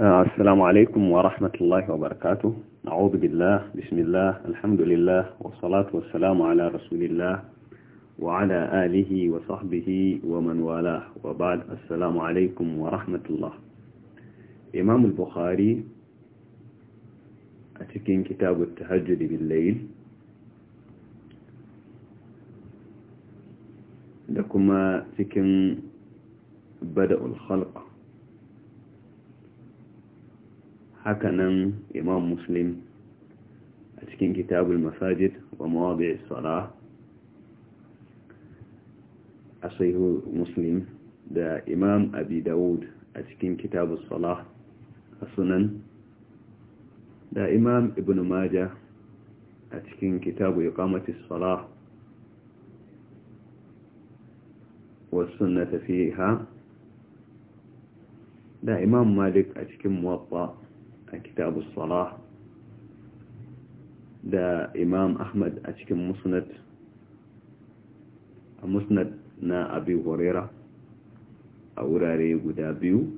آه، السلام عليكم ورحمة الله وبركاته أعوذ بالله بسم الله الحمد لله والصلاة والسلام على رسول الله وعلى آله وصحبه ومن والاه وبعد السلام عليكم ورحمة الله إمام البخاري أتكين كتاب التهجد بالليل لكما تكن بدأ الخلق hakanan imam muslim a cikin kitabul masajid wa mawadi as a asaihu muslim da imam abi daud a cikin kitabus salah a sunan da imam ibn majah a cikin kitabu iqamati as salah wa sunnata fiha da imam malik a cikin muwatta a kitabu salah da imam ahmad a cikin musnad a musnad na abi horera a wurare guda biyu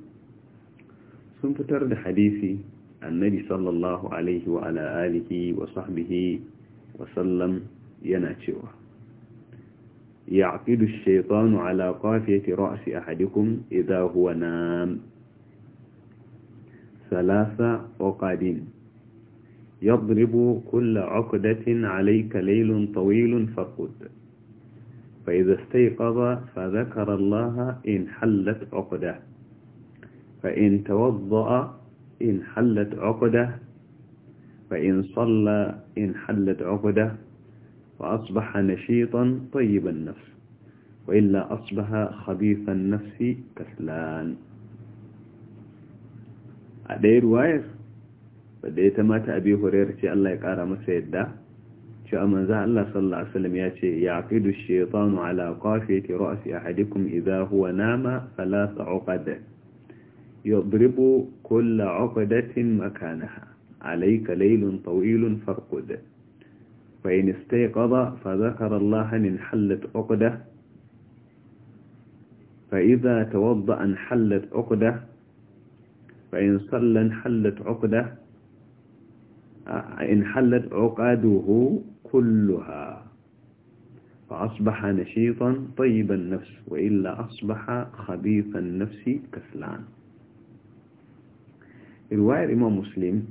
sun fitar da hadisi annabi sallallahu alaihi wa sallam yana cewa يعقد الشيطان على قافية رأس أحدكم إذا هو نام ثلاث عقد يضرب كل عقدة عليك ليل طويل فقد فإذا استيقظ فذكر الله إن حلت عقده فإن توضأ إن حلت عقده فإن صلى إن حلت عقده فأصبح نشيطا طيب النفس وإلا أصبح خبيث النفس كسلان a ɗaya ruwayar wadda ya tamata abi horayar ce Allah ya ƙara masa yadda cewa manzan Allah sallallahu Alaihi wasallam ya ce ya aqidu shaitanu ala qafiyati ra'si ahadikum idha huwa nama thalatha uqad yadribu kull uqadatin makanaha alayka laylun tawilun farqud fa in istayqadha fa dhakara Allah min hallat uqdah فإذا توضأ انحلت عقده فإن صلى انحلت عقدة انحلت عقده كلها فأصبح نشيطا طيب النفس وإلا أصبح خبيث النفس كسلان رواية الإمام مسلم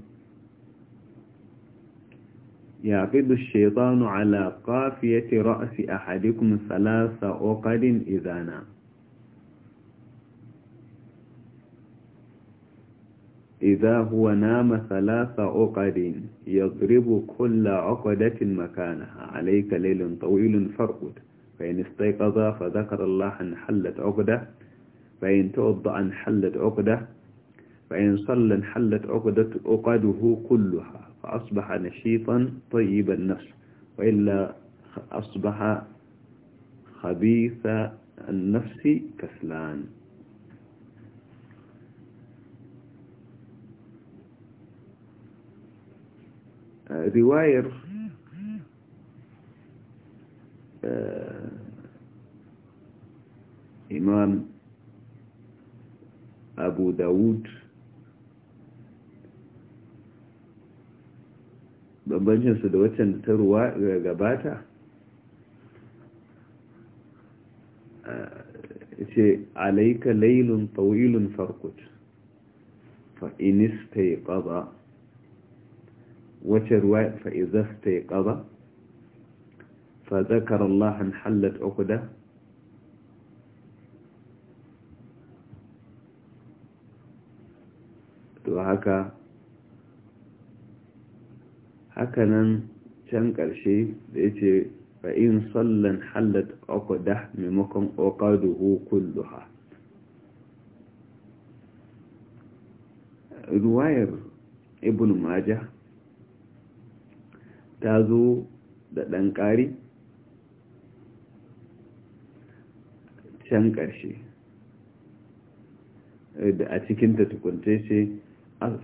يعقد الشيطان على قافية رأس أحدكم ثلاث عقد إذا نام إذا هو نام ثلاث عقد يضرب كل عقدة مكانها عليك ليل طويل فارقد فإن استيقظ فذكر الله انحلت عقدة فإن توضأ انحلت عقدة فإن صلى انحلت عقدة عقده كلها فأصبح نشيطا طيب النفس وإلا أصبح خبيث النفس كسلان riwayar eh, imam abu dawud bambancinsu da waccan ta ruwa gabata eh, ce alaika lailun tawilun farkut fa inista ya ƙaba wace ruwaya fa’izasta ya ƙaba? fa’azakar Allahan hallat ukuda? to haka haka nan can ƙarshe da ya ce fa’in sallan hallat ukuda maimakon ƙoƙadu hukun duha ruwayar ibn majah ta zo da ɗan ƙari can ƙarshe da a cikinta tukunce ce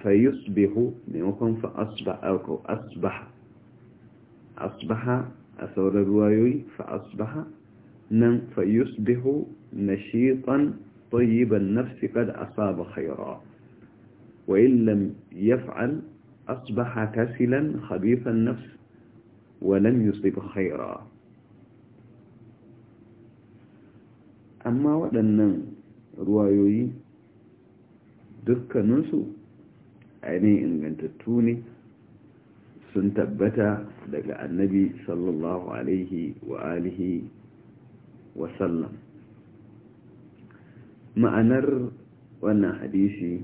fayus behu maimakon fa asbaha asbaha a sauran ruwayoyi fa asbaha nan fayus behu na shiɗan tsayiban nafsi kada asaba khaira wa illam yaf'al asbaha kasilan habifan nafsi ولم يصب خيرا amma waɗannan ruwayoyi dukkaninsu ainihin ingantattu ne sun tabbata daga annabi sallallahu ma'anar wannan hadisi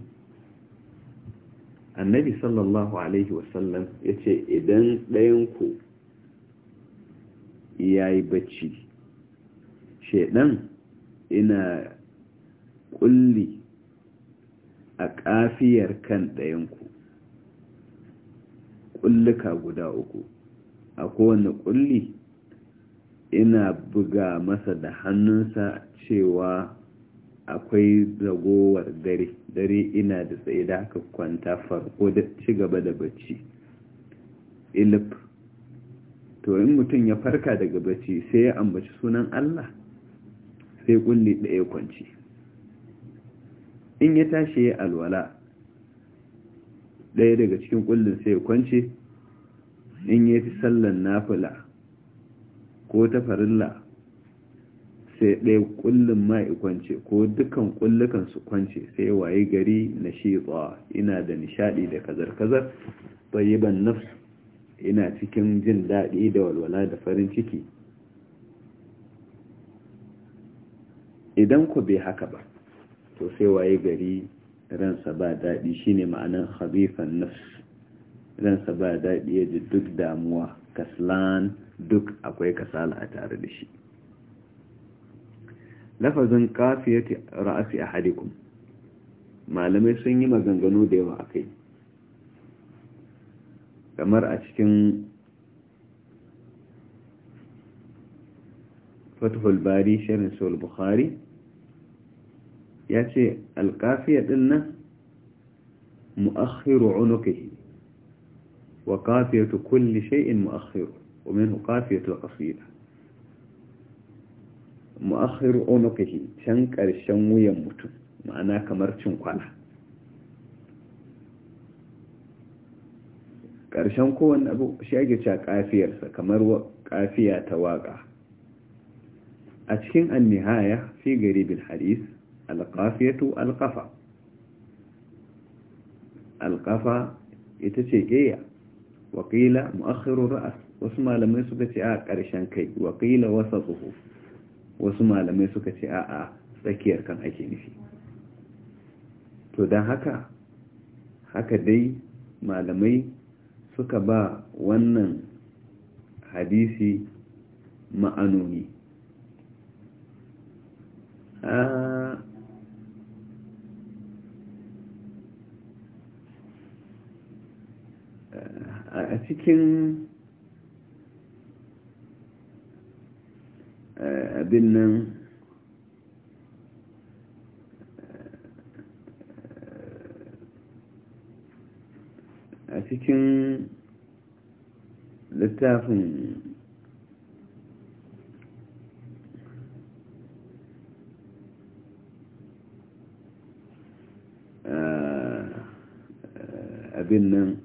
annabi sallallahu alaihi wasallam ya ce idan ɗayanku ya yi bacci shaidan ina kulli a kafiyar kan ɗayanku kulluka guda uku a kowane kulli ina buga masa da hannunsa cewa akwai zagowar dare dare ina da tsaye da aka kwanta farko da ci gaba da bacci ilif to in mutum ya farka daga bacci sai ya ambaci sunan Allah sai kulli ya kwanci in ya tashi ya alwala ɗaya daga cikin kullin sai ya kwance in ya fi sallan nafila ko ta farilla sai daya kullum ma ya kwance ko dukan kullukan su kwance sai waye gari na shi ina da nishadi da kazar-kazar tsayiban nafs ina cikin jin daɗi da walwala da farin ciki idan ku bai haka ba to sai waye gari ransa ba daɗi shine ma'anar habifan nafs ransa ba daɗi ya ji duk damuwa kaslan duk akwai kasala a tare da shi lafazin kafiyati ra'asi ahadikum malamai sun yi maganganu da yawa akai kamar a cikin fatihul bari shirin sol bukhari ya ce alkafiya ɗin nan mu'akhiru unukihi wa kafiyatu kulli shay'in mu'akhiru wa minhu kafiyatu al-qasida mu'akhiru unukihi can karshen wuyan mutum ma'ana kamar cin kwana ƙarshen kowane abu shi ake kafiyarsa kamar kafiya ta waka a cikin annihaya fi garibin hadis alƙafiyatu alƙafa alƙafa ita ce Geya, Wakila, mu'akhiru ra'as wasu malamai suka ce a ƙarshen kai Wakila wasa tsoho wasu malamai suka ce a a tsakiyar kan ake nufi to don haka haka dai malamai suka ba wannan hadisi ma'anoni a cikin eh, abin nan a cikin littafin abin nan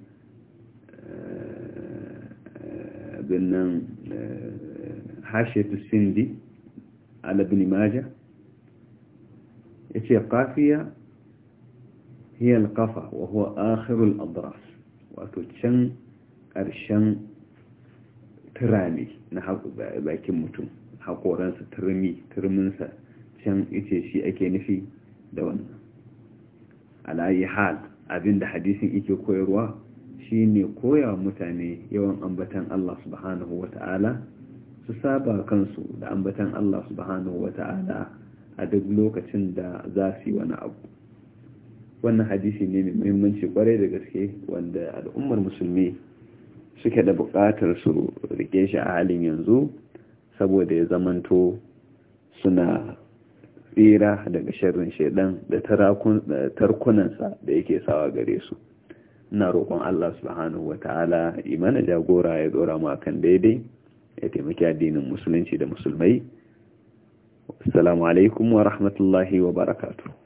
abin nan hashetu sindi alabini maja ya ce kafiya هي القفا وهو آخر الأضراس wato can ƙarshen turami na bakin mutum haƙoransa turmi turminsa can ice shi ake nufi da wannan alayi hal abinda hadisin ike koyarwa shi ne koyawa mutane yawan ambatan Allah subhanahu Ta'ala su saba kansu da ambatan Allah subhanahu Ta'ala a duk lokacin da za su yi wani abu wannan hadisi ne mai muhimmanci kwarai da gaske wanda al'ummar musulmi suke da buƙatar su rike shi a halin yanzu saboda ya zamanto suna tsira daga sharrin shaidan da tarkunansa da yake sawa gare su ina roƙon Allah subhanahu wa ta'ala imana jagora ya dora mu akan daidai ya taimaki addinin musulunci da musulmai assalamu alaikum wa rahmatullahi wa barakatuh